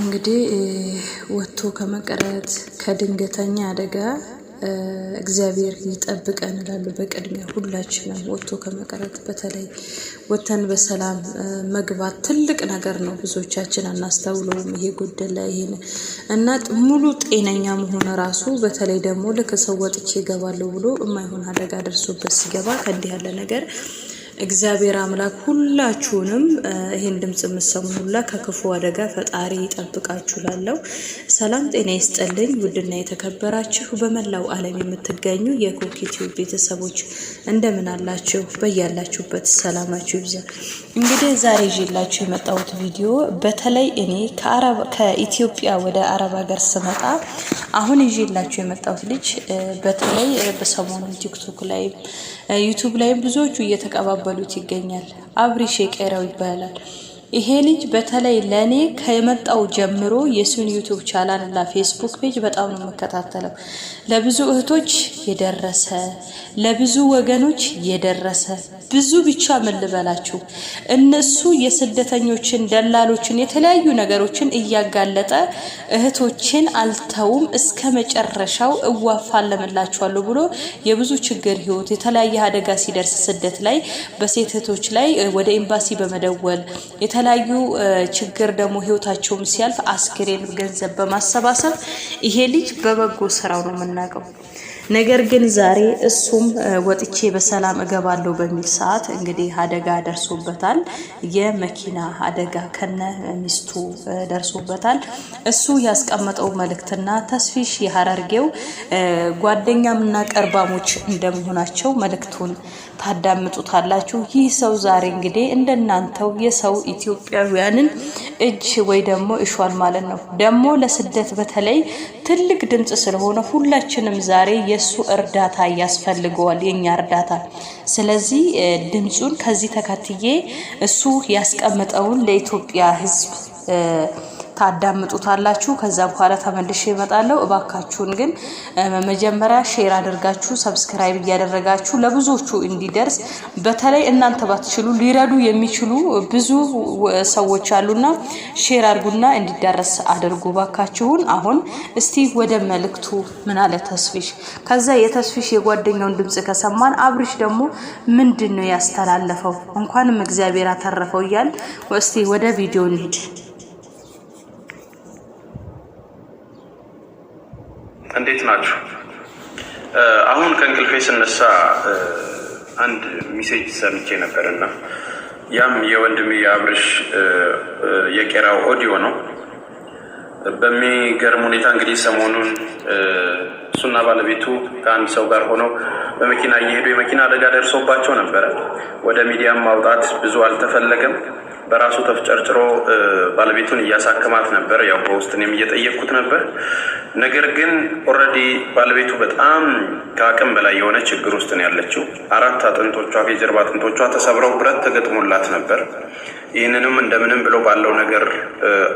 እንግዲህ ወጥቶ ከመቅረት ከድንገተኛ አደጋ እግዚአብሔር ይጠብቀን እላለሁ። በቅድሚያ ሁላችንም ወጥቶ ከመቅረት በተለይ ወተን በሰላም መግባት ትልቅ ነገር ነው። ብዙዎቻችን አናስተውለውም። ይሄ ጎደለ ይሄን እና ሙሉ ጤነኛ መሆን ራሱ በተለይ ደግሞ ልክ ሰው ወጥቼ ይገባለሁ ብሎ የማይሆን አደጋ ደርሶበት ሲገባ ከእንዲህ ያለ ነገር እግዚአብሔር አምላክ ሁላችሁንም ይህን ድምፅ የምሰሙ ሁላ ከክፉ አደጋ ፈጣሪ ይጠብቃችሁ። ላለው ሰላም ጤና ይስጠልኝ። ውድና የተከበራችሁ በመላው ዓለም የምትገኙ የኮኬቲው ቤተሰቦች እንደምን አላችሁ? በያላችሁበት ሰላማችሁ ይብዛ። እንግዲህ ዛሬ ይዤላችሁ የመጣሁት ቪዲዮ በተለይ እኔ ከኢትዮጵያ ወደ አረብ ሀገር ስመጣ አሁን ይዤላችሁ የመጣሁት ልጅ በተለይ በሰሞኑ ቲክቶክ ላይ ዩቱብ ላይም ብዙዎቹ እየተቀባበ እየተቀበሉት ይገኛል። አብሪሽ የቄራው ይባላል። ይሄ ልጅ በተለይ ለእኔ ከመጣው ጀምሮ የሱን ዩቱብ ቻናል እና ፌስቡክ ፔጅ በጣም ነው የምከታተለው። ለብዙ እህቶች የደረሰ ለብዙ ወገኖች የደረሰ ብዙ ብቻ ምን ልበላችሁ፣ እነሱ የስደተኞችን ደላሎችን፣ የተለያዩ ነገሮችን እያጋለጠ እህቶችን አልተውም እስከ መጨረሻው እዋፋለምላችኋለሁ ብሎ የብዙ ችግር ህይወት የተለያየ አደጋ ሲደርስ ስደት ላይ በሴት እህቶች ላይ ወደ ኤምባሲ በመደወል የተለያዩ ችግር ደግሞ ህይወታቸውም ሲያልፍ አስክሬን ገንዘብ በማሰባሰብ ይሄ ልጅ በበጎ ስራው ነው የምናውቀው። ነገር ግን ዛሬ እሱም ወጥቼ በሰላም እገባለሁ በሚል ሰዓት እንግዲህ አደጋ ደርሶበታል። የመኪና አደጋ ከነ ሚስቱ ደርሶበታል። እሱ ያስቀመጠው መልእክትና ተስፊሽ የሀረርጌው ጓደኛምና ቀርባሞች እንደመሆናቸው መልእክቱን ታዳምጡታላችሁ። ይህ ሰው ዛሬ እንግዲህ እንደናንተው የሰው ኢትዮጵያውያንን እጅ ወይ ደግሞ እሿል ማለት ነው። ደግሞ ለስደት በተለይ ትልቅ ድምፅ ስለሆነ ሁላችንም ዛሬ የእሱ እርዳታ ያስፈልገዋል፣ የኛ እርዳታ። ስለዚህ ድምፁን ከዚህ ተከትዬ እሱ ያስቀምጠውን ለኢትዮጵያ ሕዝብ ታዳምጡታላችሁ። ከዛ በኋላ ተመልሼ እመጣለሁ። እባካችሁን ግን መጀመሪያ ሼር አድርጋችሁ ሰብስክራይብ እያደረጋችሁ ለብዙዎቹ እንዲደርስ በተለይ እናንተ ባትችሉ ሊረዱ የሚችሉ ብዙ ሰዎች አሉና ሼር አድርጉና እንዲዳረስ አድርጉ እባካችሁን። አሁን እስቲ ወደ መልእክቱ ምን አለ ተስፊሽ? ከዛ የተስፊሽ የጓደኛውን ድምፅ ከሰማን አብርሽ ደግሞ ምንድን ነው ያስተላለፈው? እንኳንም እግዚአብሔር አተረፈው እያል እስቲ ወደ ቪዲዮ እንሂድ። እንዴት ናችሁ? አሁን ከእንቅልፌ ስነሳ አንድ ሚሴጅ ሰምቼ ነበር እና ያም የወንድሜ የአብርሽ የቄራው ኦዲዮ ነው። በሚገርም ሁኔታ እንግዲህ ሰሞኑን እሱና ባለቤቱ ከአንድ ሰው ጋር ሆነው በመኪና እየሄዱ የመኪና አደጋ ደርሶባቸው ነበረ። ወደ ሚዲያም ማውጣት ብዙ አልተፈለገም። በራሱ ተፍጨርጭሮ ባለቤቱን እያሳከማት ነበር። ያው በውስጥ እኔም እየጠየቅኩት ነበር። ነገር ግን ኦልሬዲ ባለቤቱ በጣም ከአቅም በላይ የሆነ ችግር ውስጥ ነው ያለችው። አራት አጥንቶቿ የጀርባ አጥንቶቿ ተሰብረው ብረት ተገጥሞላት ነበር። ይህንንም እንደምንም ብሎ ባለው ነገር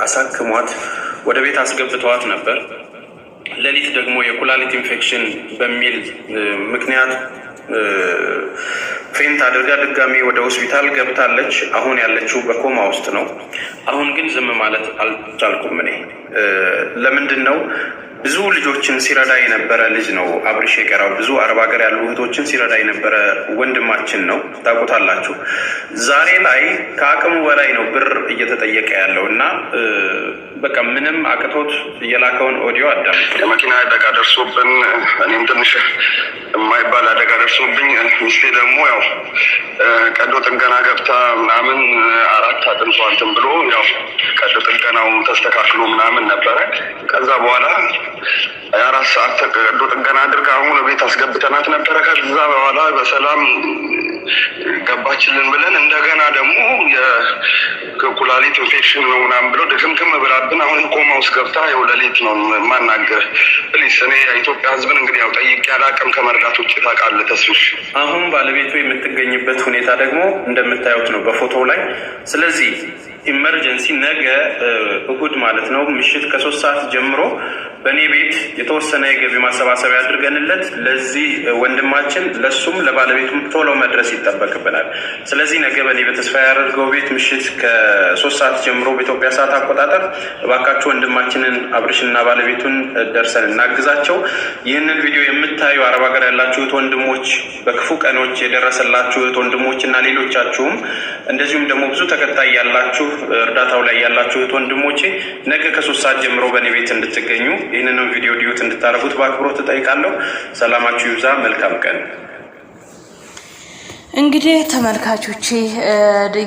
አሳክሟት ወደ ቤት አስገብተዋት ነበር። ሌሊት ደግሞ የኩላሊት ኢንፌክሽን በሚል ምክንያት ፌንት አድርጋ ድጋሚ ወደ ሆስፒታል ገብታለች። አሁን ያለችው በኮማ ውስጥ ነው። አሁን ግን ዝም ማለት አልቻልኩም። እኔ ለምንድን ነው ብዙ ልጆችን ሲረዳ የነበረ ልጅ ነው አብርሽ የገራው። ብዙ አረብ ሀገር ያሉ እህቶችን ሲረዳ የነበረ ወንድማችን ነው፣ ታውቁታላችሁ። ዛሬ ላይ ከአቅሙ በላይ ነው ብር እየተጠየቀ ያለው እና በቃ ምንም አቅቶት የላከውን ኦዲዮ አዳም የመኪና አደጋ ደርሶብን እኔም ትንሽ የማይባል አደጋ ደርሶብኝ ሚስቴ ደግሞ ያው ቀዶ ጥገና ገብታ ምናምን አራት አጥንቷ እንትን ብሎ ያው ቀዶ ጥገናው ተስተካክሎ ምናምን ነበረ። ከዛ በኋላ አራት ሰዓት ቀዶ ጥገና አድርጋ አሁን ቤት አስገብተናት ነበረ። ከዛ በኋላ በሰላም ገባችልን ብለን እንደገና ደግሞ የኩላሊት ኢንፌክሽን ነው ምናምን ብለው ድክምክም ብላብን አሁን ኮማ ውስጥ ገብታ ይኸው ለሌት ነው ማናገር ፕሊስ። እኔ የኢትዮጵያ ሕዝብን እንግዲህ ያው ጠይቄ አላቅም ከመርዳት ውጭ ታውቃለህ ተስሽ አሁን ባለቤቱ የምትገኝበት ሁኔታ ደግሞ እንደምታዩት ነው በፎቶ ላይ ስለዚህ ኢመርጀንሲ ነገ እሁድ ማለት ነው ምሽት ከሶስት ሰዓት ጀምሮ በእኔ ቤት የተወሰነ የገቢ ማሰባሰቢያ አድርገንለት ለዚህ ወንድማችን ለሱም ለባለቤቱም ቶሎ መድረስ ይጠበቅብናል። ስለዚህ ነገ በእኔ በተስፋ ያደርገው ቤት ምሽት ከሶስት ሰዓት ጀምሮ በኢትዮጵያ ሰዓት አቆጣጠር እባካችሁ ወንድማችንን አብርሽና ባለቤቱን ደርሰን እናግዛቸው። ይህንን ቪዲዮ የምታዩ አረብ ሀገር ያላችሁት ወንድሞች፣ በክፉ ቀኖች የደረሰላችሁት ወንድሞች እና ሌሎቻችሁም እንደዚሁም ደግሞ ብዙ ተከታይ ያላችሁ እርዳታው ላይ ያላችሁ እህት ወንድሞቼ ነገ ከሶስት ሰዓት ጀምሮ በእኔ ቤት እንድትገኙ ይህንንም ቪዲዮ ዲዩት እንድታደርጉት በአክብሮት እጠይቃለሁ። ሰላማችሁ ይብዛ። መልካም ቀን እንግዲህ ተመልካቾቼ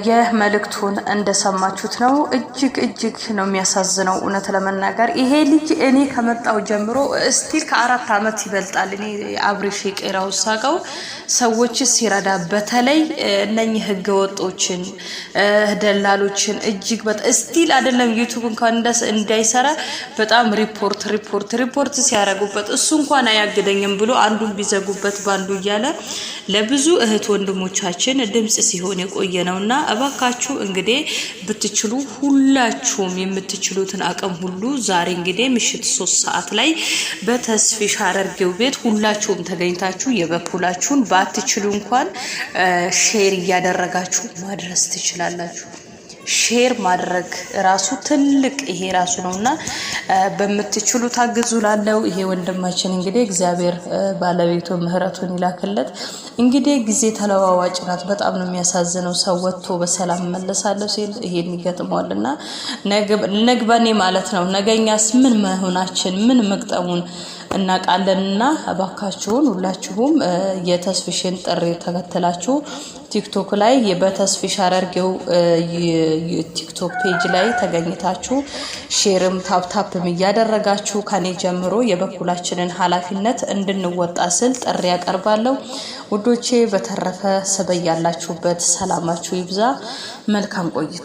የመልእክቱን እንደሰማችሁት ነው። እጅግ እጅግ ነው የሚያሳዝነው። እውነት ለመናገር ይሄ ልጅ እኔ ከመጣው ጀምሮ እስቲል ከአራት ዓመት ይበልጣል። እኔ አብሬሽ ቄራው ሳቀው ሰዎች ሲረዳ በተለይ እነኚህ ህገ ወጦችን ደላሎችን እጅግ እስቲል አይደለም ዩቱብ እንኳን እንዳይሰራ በጣም ሪፖርት ሪፖርት ሪፖርት ሲያደርጉበት እሱ እንኳን አያግደኝም ብሎ አንዱን ቢዘጉበት ባንዱ እያለ ለብዙ እህት ወንድ ወንድሞቻችን ድምጽ ሲሆን የቆየ ነው እና እባካችሁ እንግዲህ ብትችሉ ሁላችሁም የምትችሉትን አቅም ሁሉ ዛሬ እንግዲህ ምሽት ሶስት ሰዓት ላይ በተስፊሽ ሻረርጌው ቤት ሁላችሁም ተገኝታችሁ የበኩላችሁን ባትችሉ እንኳን ሼር እያደረጋችሁ ማድረስ ትችላላችሁ። ሼር ማድረግ ራሱ ትልቅ ይሄ ራሱ ነው እና በምትችሉ ታግዙ ላለው ይሄ ወንድማችን እንግዲህ እግዚአብሔር ባለቤቱ ምህረቱን ይላክለት። እንግዲህ ጊዜ ተለዋዋጭ ናት። በጣም ነው የሚያሳዝነው። ሰው ወጥቶ በሰላም መለሳለሁ ሲል ይሄን ይገጥመዋል እና ነግበኔ ማለት ነው ነገኛስ ምን መሆናችን ምን መግጠሙን እናውቃለንና እባካችሁን ሁላችሁም የተስፊሽን ጥሪ ተከትላችሁ ቲክቶክ ላይ በተስፊሽ አረርጌው ቲክቶክ ፔጅ ላይ ተገኝታችሁ ሼርም ታፕታፕም እያደረጋችሁ ከኔ ጀምሮ የበኩላችንን ኃላፊነት እንድንወጣ ስል ጥሪ ያቀርባለሁ። ውዶቼ በተረፈ ስበያላችሁበት ሰላማችሁ ይብዛ። መልካም ቆይታ